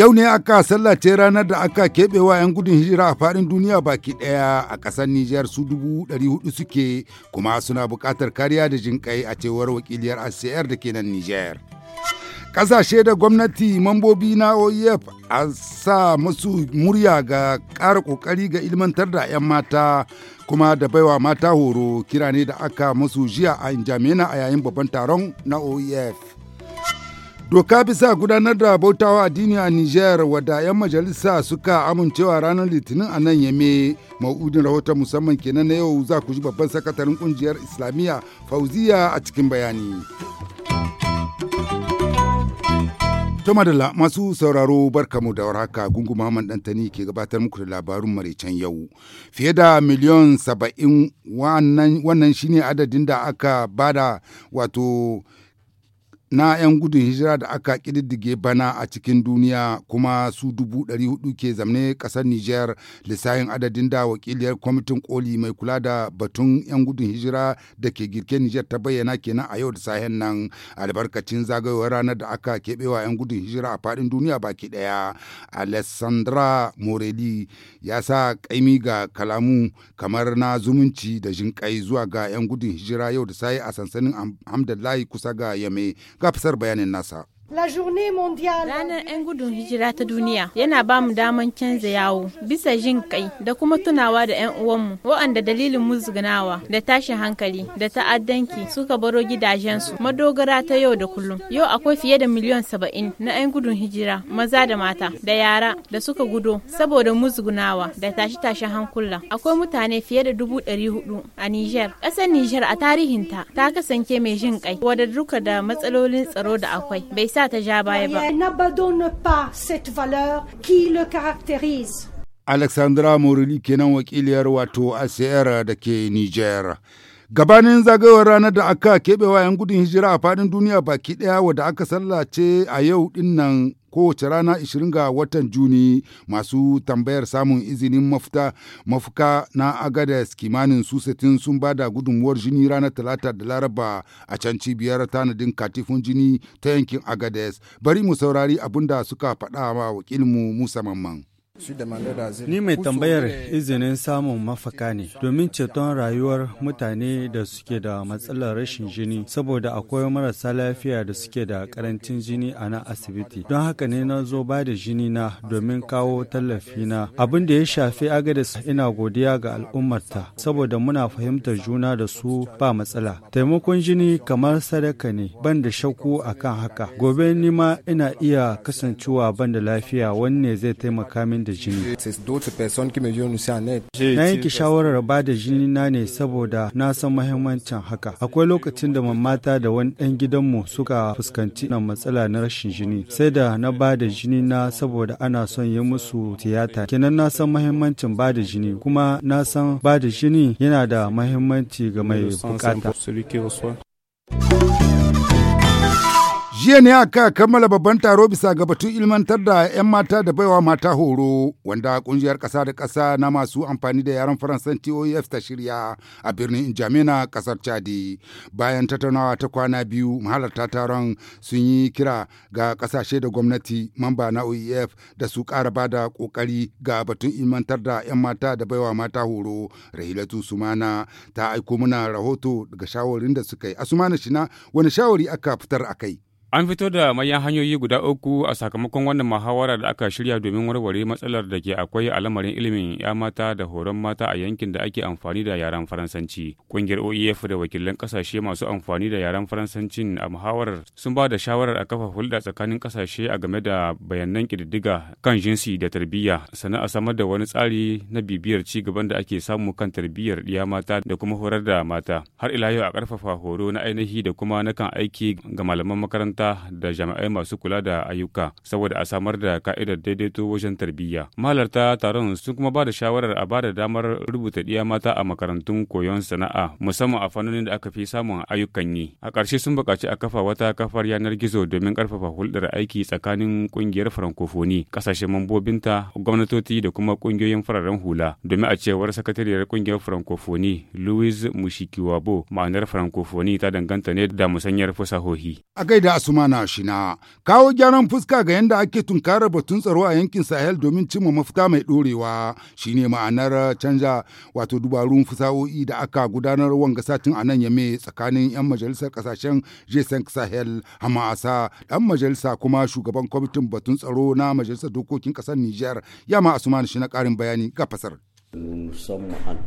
Yau ne aka sallace ranar da aka keɓewa 'yan gudun hijira a faɗin duniya baki ɗaya a ƙasar Nijar su dubu ɗari hudu suke kuma suna buƙatar kariya da jinƙai a cewar wakiliyar ACR da ke nan Nijar. Ƙasashe da gwamnati mambobi na OEF a sa masu murya ga ƙara ƙoƙari ga ilmantar da 'yan mata kuma da baiwa mata horo kira ne da aka masu jiya a Injamena a yayin babban taron na OEF. Doka bisa gudanar da bautawa addini a niger wadda 'yan majalisa suka amincewa ranar Litinin a nan Yame. Ma'udin rahoton musamman kenan na yau za ku ji babban sakatarin kungiyar Islamiyya Fauziya a cikin bayani. Tomadala masu sauraro barkamu da warhaka gungu Muhammad Dantani ke gabatar muku da labarun maraicen yau. Fiye da miliyon saba'in wannan shine adadin da aka bada wato na 'yan gudun hijira da aka ƙididdige bana a cikin duniya kuma su dubu ɗari ke zamne ƙasar Nijar lissahin adadin da wakiliyar kwamitin koli mai kula da batun 'yan gudun hijira da ke girke Nijar ta bayyana kenan a yau da sahen nan albarkacin zagayowar ranar da aka keɓewa 'yan gudun hijira a faɗin duniya baki ɗaya. Alessandra Morelli ya sa ƙaimi ga kalamu kamar na zumunci da jinƙai zuwa ga 'yan gudun hijira yau da sahe a sansanin Hamdallahi kusa ga Yame ga fasar bayanin nasa. Ranar 'yan gudun hijira ta duniya yana ba mu daman canza yawo bisa jin kai da kuma tunawa da 'yan uwanmu waɗanda dalilin muzgunawa da tashin hankali da ta'addanki suka baro gidajensu madogara ta yau da kullum. Yau akwai fiye da miliyan saba'in na 'yan gudun hijira maza da mata da yara da suka gudo saboda muzgunawa da tashi-tashin hankula. Akwai mutane fiye da dubu ɗari hudu a Nijar. Ƙasar Nijar a tarihinta ta kasance mai jin kai wadda duka da matsalolin tsaro da akwai. Bai sa ta ja baya ba. N'abandonne pas cette valeur qui le caractérise. Alexandra Morili kenan wakiliyar wato ACR da ke Niger. Gabanin zagayowar ranar da aka keɓewa 'yan gudun hijira a faɗin duniya baki ɗaya wadda aka sallace a yau ɗinnan kowace rana 20 ga watan Juni masu tambayar samun izinin mafuta mafuka na Agades kimanin su sun ba da gudunmuwar jini ranar Talata da Laraba a can cibiyar tanadin katifin jini ta yankin Agades. Bari mu saurari abin da suka faɗa wa wakilinmu Musa Mamman. Ni mai tambayar izinin samun mafaka ne domin ceton rayuwar mutane da suke da matsalar rashin jini saboda akwai marasa lafiya da suke da karancin jini a nan asibiti. Don haka ne na zo ba da jini na domin kawo tallafi na. Abin da ya shafi agadis ina godiya ga al'ummarta saboda muna fahimtar juna da su ba matsala. Taimakon jini kamar sadaka ne ban da shakku akan haka. Gobe ni ma ina iya kasancewa ban da lafiya wanne zai taimaka min da da jini. Na yanke shawarar ba da jini na ne saboda na san mahimmancin haka. Akwai lokacin da mamata da wani ɗan gidanmu suka fuskanci na matsala na rashin jini. Sai da na ba da jini na saboda ana son yi musu tiyata. Kenan na san mahimmancin ba da jini kuma na san ba da jini yana da mahimmanci ga mai bukata. Jiya ne aka kammala babban taro bisa ga batun ilmantar da 'yan mata da baiwa mata horo wanda kungiyar kasa da kasa na masu amfani da yaran Faransan TOEF ta shirya a birnin injamina kasar Chadi. Bayan tattaunawa ta kwana biyu mahalarta taron sun yi kira ga kasashe da gwamnati mamba na OEF da su kara ba da ƙoƙari ga batun ilmantar da 'yan mata da baiwa mata horo. Rahilatu Sumana ta aiko mana rahoto daga shawarin da suka yi. Asumana Shina wani shawari aka fitar a kai? An fito da manyan hanyoyi guda uku a sakamakon wannan muhawara da aka shirya domin warware matsalar da ke akwai a lamarin ilimin ya mata da horon mata a yankin da ake amfani da yaren Faransanci. Kungiyar OEF da wakilan kasashe masu amfani da yaren Faransancin a muhawarar sun ba da shawarar a kafa hulɗa tsakanin kasashe a game da bayanan ƙididdiga kan jinsi da tarbiyya sannan a samar da wani tsari na bibiyar ci gaban da ake samu kan tarbiyyar ya mata da kuma horar da mata. Har ila yau a ƙarfafa horo na ainihi da kuma na kan aiki ga malaman makaranta makaranta da jami'ai masu kula da ayyuka saboda a samar da ka'idar daidaito wajen tarbiyya. Mahalarta taron sun kuma ba da shawarar a ba da damar rubuta ɗiya mata a makarantun koyon sana'a musamman a fannonin da aka fi samun ayyukan yi. A ƙarshe sun buƙaci a kafa wata kafar yanar gizo domin ƙarfafa hulɗar aiki tsakanin ƙungiyar Francophonie, ƙasashen mambobinta, gwamnatoci da kuma ƙungiyoyin fararen hula domin a cewar sakatariyar ƙungiyar Francophonie Louise Mushikiwabo ma'anar Francophonie ta danganta ne da musanyar fasahohi. A gaida Asumana Shina. Kawo gyaran fuska ga yadda ake tunkara batun tsaro a yankin Sahel domin cimma mafita mai ɗorewa shine ma'anar canja wato dubarun fusa'o'i da aka gudanar wanga satin a nan yame tsakanin 'yan majalisar kasashen g Sahel Hamasa ɗan majalisa kuma shugaban kwamitin batun tsaro na majalisar dokokin ƙasar Nijar Yama Asumana Shina ƙarin bayani ga fasar.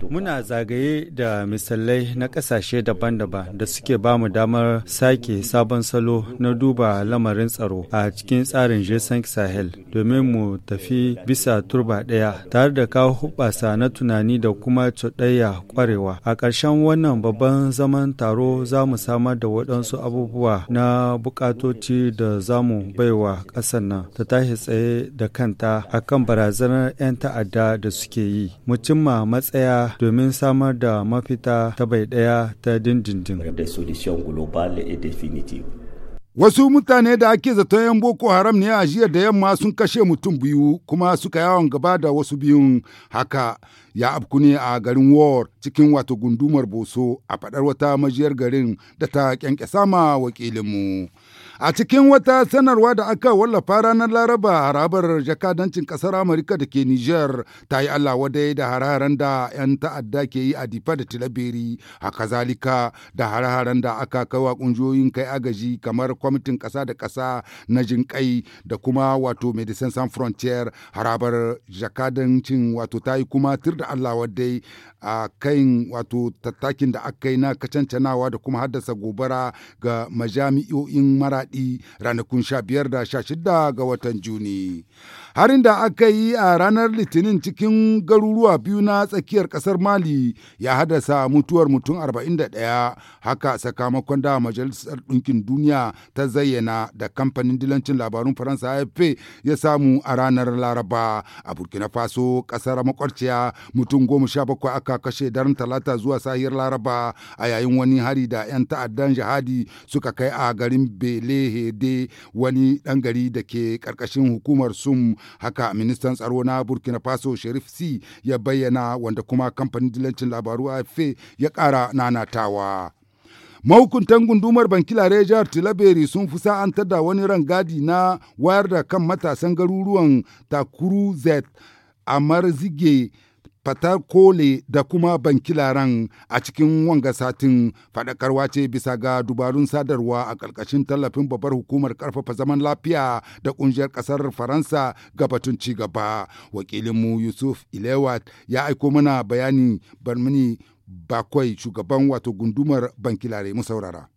Muna zagaye da misalai na ƙasashe daban-daban da suke ba mu damar sake sabon salo na duba lamarin tsaro a cikin tsarin Jason Sahel domin mu tafi bisa turba ɗaya tare da kawo hubasa na tunani da kuma cuɗayya ƙwarewa. A ƙarshen wannan babban zaman taro za mu samar da waɗansu abubuwa na buƙatoci da za mu baiwa ƙasar nan ta tashi tsaye da kanta akan barazanar 'yan ta'adda da suke yi. mu cimma matsaya domin samar da mafita ta bai ɗaya ta dindindin. Wasu mutane da ake zaton 'yan Boko Haram ne a jiya da yamma sun kashe mutum biyu kuma suka yawon gaba da wasu biyun haka ya afku ne a garin War cikin wato gundumar Boso a faɗar wata majiyar garin da ta kyankyasa ma wakilinmu. A cikin wata sanarwa da aka wallafa ranar Laraba harabar jakadancin ƙasar Amurka da ke Nijar ta yi Allah wadai da hararen da 'yan ta'adda ke yi a Difa da tilabiri, a kazalika da hararen da aka kawa ƙungiyoyin kai agaji kamar kwamitin ƙasa da ƙasa na jinƙai da kuma wato Medicine Sans Frontier harabar jakadancin wato ta yi kuma tir da Allah wadai a kan wato tattakin da aka yi na kacancanawa da kuma haddasa gobara ga majami'o'in mara. Maraɗi ranakun 15 da 16 ga watan Juni. Harin da aka yi a ranar Litinin cikin garuruwa biyu na tsakiyar ƙasar Mali ya haddasa mutuwar mutum 41 haka sakamakon da Majalisar Ɗinkin Duniya ta zayyana da kamfanin dilancin labarun Faransa AFP ya samu a ranar Laraba a Burkina Faso ƙasar makwarciya mutum goma sha bakwai aka kashe daren talata zuwa sahiyar Laraba a yayin wani hari da 'yan ta'addan jihadi suka kai a garin Bele hede wani ɗan gari da ke ƙarƙashin hukumar sum haka ministan tsaro na burkina faso sharif c ya bayyana wanda kuma kamfanin dilancin labaru afe ya ƙara nanatawa. mahukuntan gundumar bankilare jihar tilaberi sun fi sa'antar da wani rangadi na wayar da kan matasan garuruwan takuru z a marzige Fatakole da kuma Bankilaran a cikin wanga satin fadakarwa ce bisa ga dubarun sadarwa a ƙarƙashin tallafin babbar hukumar ƙarfafa zaman lafiya da ƙungiyar ƙasar Faransa ga batun ci gaba. Wakilinmu Yusuf Ilewat ya aiko mana bayani barmini bakwai shugaban wato gundumar Bankilare mu saurara.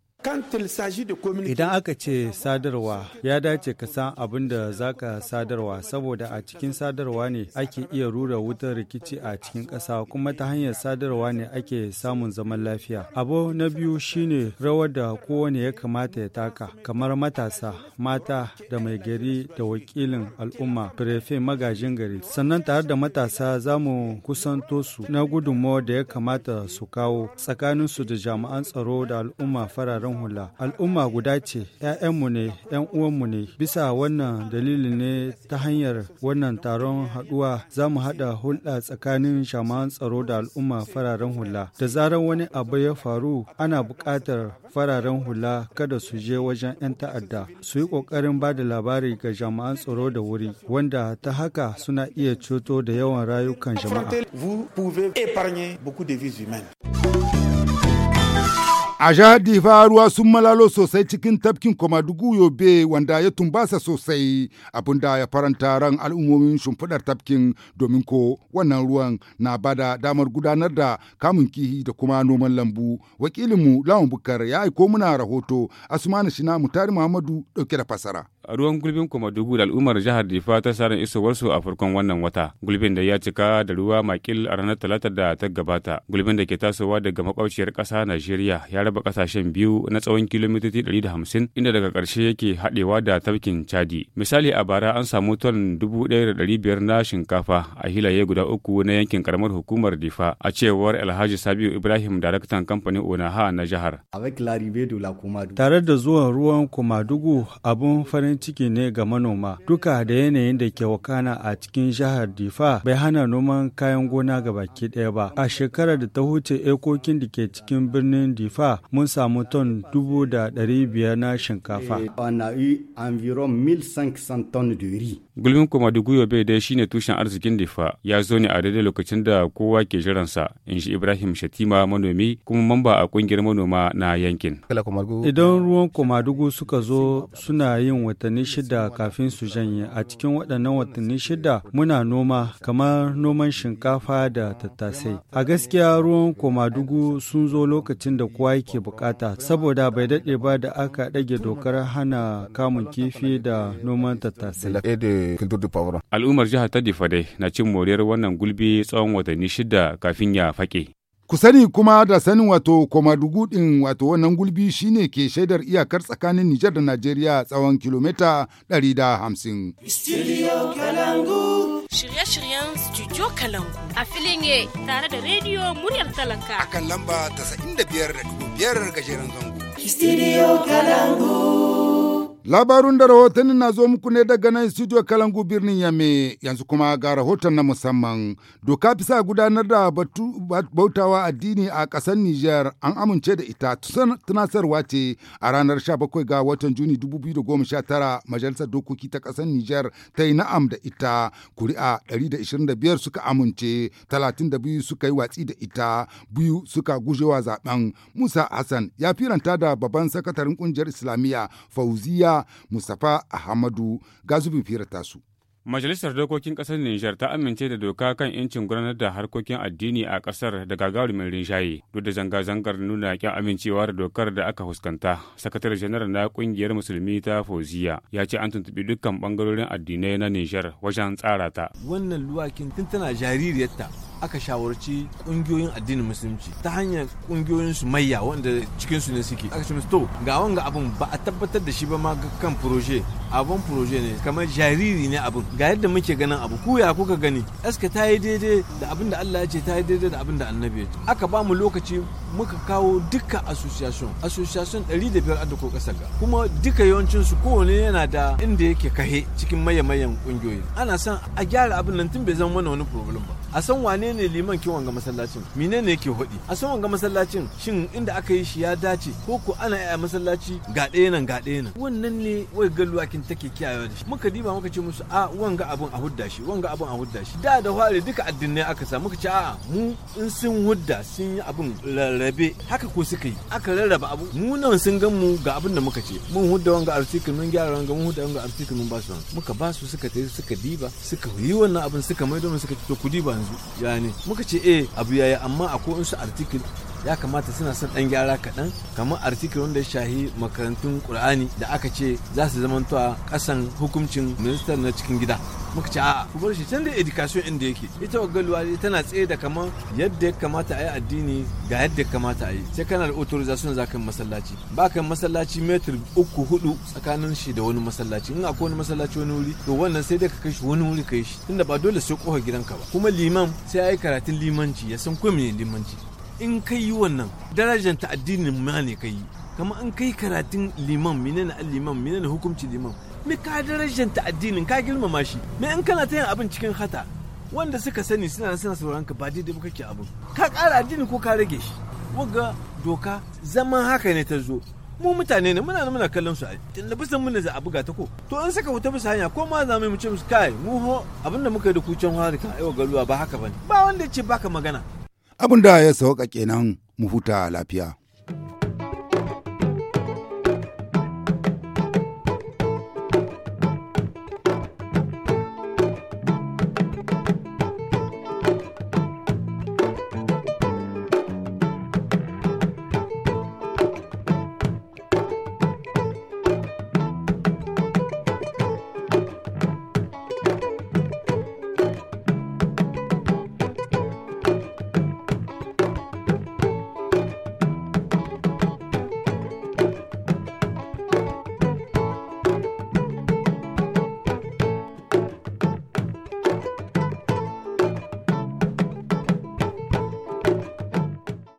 Idan aka ce sadarwa ya dace ka san abin da za ka sadarwa saboda a cikin sadarwa ne ake iya rura wutar rikici a cikin ƙasa kuma ta hanyar sadarwa ne ake samun zaman lafiya. Abu na biyu shine rawar da kowane ya kamata ya taka kamar matasa, mata da mai gari da wakilin al'umma, firefe magajin gari. Sannan tare da matasa za mu kusanto su na gudunmawar da ya kamata su kawo tsakaninsu da jami'an tsaro da al'umma fararen al'umma guda ce 'ya'yanmu ne 'yan uwanmu ne bisa wannan dalili ne ta hanyar wannan taron haɗuwa za mu haɗa hulɗa tsakanin shaman tsaro da al'umma fararen hula da zarar wani abu ya faru ana buƙatar fararen hula kada su je wajen 'yan ta'adda su yi ƙoƙarin ba da labari ga jama'an tsaro da wuri wanda ta haka suna iya ceto da yawan rayukan jama'a. A jihar Difa ruwa sun malalo sosai cikin tafkin Komadugu Yobe wanda ya tumbasa sosai abinda ya faranta ran al'ummomin shimfiɗar tafkin domin ko wannan ruwan na bada damar gudanar da kamun kihi da kuma noman lambu. Wakilinmu Lawan Bukar ya aiko muna rahoto Asmanu Shina Mutari Muhammadu ɗauke da fasara. a ruwan gulbin dugu da al'ummar jihar Difa ta sarin isowarsu a farkon wannan wata. Gulbin da ya cika da ruwa makil a ranar Talata da ta gabata. Gulbin da ke tasowa daga makwabciyar ƙasa Najeriya ya raba ƙasashen biyu na tsawon kilomitoci hamsin inda daga ƙarshe yake haɗewa da tafkin Chadi. Misali a bara an samu ton dubu da biyar na shinkafa a hilaye guda uku na yankin karamar hukumar Difa a cewar Alhaji Sabiu Ibrahim daraktan kamfanin Onaha na jihar. Tare da zuwan ruwan kuma-dugu abun farin farin ciki ne ga manoma duka da yanayin da ke wakana a cikin jihar difa bai hana noman kayan gona ga baki ɗaya ba a shekarar da ta huce ekokin da ke cikin birnin difa mun samu ton dubu da dari biyar na shinkafa eh, gulbin komadugu bai dai shine tushen arzikin difa ya zo ne a daidai lokacin da kowa ke jiransa in shi ibrahim shatima manomi kuma mamba a kungiyar manoma na yankin idan ruwan komadugu suka zo suna yin watanni shida kafin su janye a cikin waɗannan watanni shida muna noma kamar noman shinkafa da tattasai a gaskiya ruwan komadugu sun zo lokacin da kowa yake bukata saboda bai daɗe ba da aka ɗage dokar hana kamun kifi da noman tattasai Al'ummar jihar ta Difade na cin moriyar wannan gulbi tsawon watanni shida kafin ya fake Ku sani kuma da sanin wato koma dugu ɗin wato wannan gulbi shine ke shaidar iyakar tsakanin Nijar da Najeriya tsawon kilomita ɗari Studio Kalangu. Shirye-shiryen Studio Kalangu. A filin ye tare da rediyo muryar talaka. a kan lamba biyar da biyar gajeren zango. Studio Kalangu. Labarun da rahotannin na zo muku ne daga nan studio Kalangu birnin Yame yanzu kuma ga rahoton na musamman. Doka bisa gudanar da bautawa addini a ƙasar niger an amince da ita tunasarwa ce a ranar 17 ga watan Juni 2019 Majalisar Dokoki ta ƙasar niger ta yi na'am da ita kuri'a 125 suka amince 32 suka yi watsi da ita biyu suka gujewa zaben Musa Hassan ya firanta da babban sakataren ƙungiyar Islamiyya Fauziya Mustapha Ahmadu ga zubin firar tasu. Majalisar Dokokin Ƙasar Nijar ta amince da doka kan 'yancin gudanar da harkokin addini a ƙasar da gagarumin rinshaye duk da zanga-zangar nuna kyan amincewa da dokar da aka fuskanta. Sakatare janar na ƙungiyar Musulmi ta Foziya ya ce an tuntuɓi dukkan ɓangarorin addinai na Nijar wajen tsara ta. Wannan luwakin tun tana jaririyarta aka shawarci kungiyoyin addinin musulunci ta hanyar kungiyoyin su mayya wanda cikin su ne suke aka ce musu to ga wanga abun ba a tabbatar da shi ba ma kan proje abun proje ne kamar jariri ne abun ga yadda muke ganin abu ku ya kuka gani aska ta yi daidai da abin da Allah ya ce ta yi daidai da abin da annabi ya ce aka ba mu lokaci muka kawo dukkan association association 105 a duk kasar ga kuma duka yawancin su kowane yana da inda yake kahe cikin maye-mayen kungiyoyi ana son a gyara abin nan tun bai zama wani problem ba a san wane ne liman ke wanga masallacin mine ne ke hudi a san wanga masallacin shin inda aka yi shi ya dace ko ko ana yi masallaci ga ɗaya nan ga ɗaya nan wannan ne wai kin take kiyaye da shi muka diba muka ce musu a wanga abun a hudda shi wanga abun a hudda shi da da hware duka addinai aka sa muka ce a mu in sun hudda sun yi abun rarrabe haka ko suka yi aka rarraba abu mu nan sun gan mu ga abin da muka ce mun hudda wanga artikul mun gyara wanga mun hudda wanga artikul mun ba su muka ba su suka tafi suka diba suka yi wannan abun suka maido suka ce to ku diba yanzu ya ne muka ce eh abu yaya amma akwai su artikul ya kamata suna son ɗan gyara kaɗan kamar artikul wanda ya shahi makarantun ƙur'ani da aka ce za su zamantowa ƙasan hukuncin ministan na cikin gida muka ce a ku bar shi can da education inda yake ita wa galuwa tana tsaye da kamar yadda ya kamata a yi addini ga yadda ya kamata a yi sai kana da authorization za ka masallaci ba ka masallaci metir uku hudu tsakanin shi da wani masallaci in akwai wani masallaci wani wuri to wannan sai dai ka kai shi wani wuri ka yi shi tunda ba dole sai kofar gidanka ba kuma liman sai ya yi karatun limanci ya san ko ne limanci in ka yi wannan darajanta ta addinin ma ne ka yi kama an kai karatun liman menene al-liman menene hukuncin liman me ka darajanta addinin ka girmama shi me in kana ta yin abin cikin hata wanda suka sani suna suna sauran ka ba daidai ba kake abu. ka kara addini ko ka rage shi waga doka zaman haka ne ta zo mu mutane ne muna muna kallon su tun da bisan muna za a buga ta ko to in saka wuta bisa hanya ko ma za mu ce musu kai mu ho abin da muka yi da kucin hari kan aiwa garuwa ba haka bane ba wanda ya ce baka magana abun da ya sauka kenan mu huta lafiya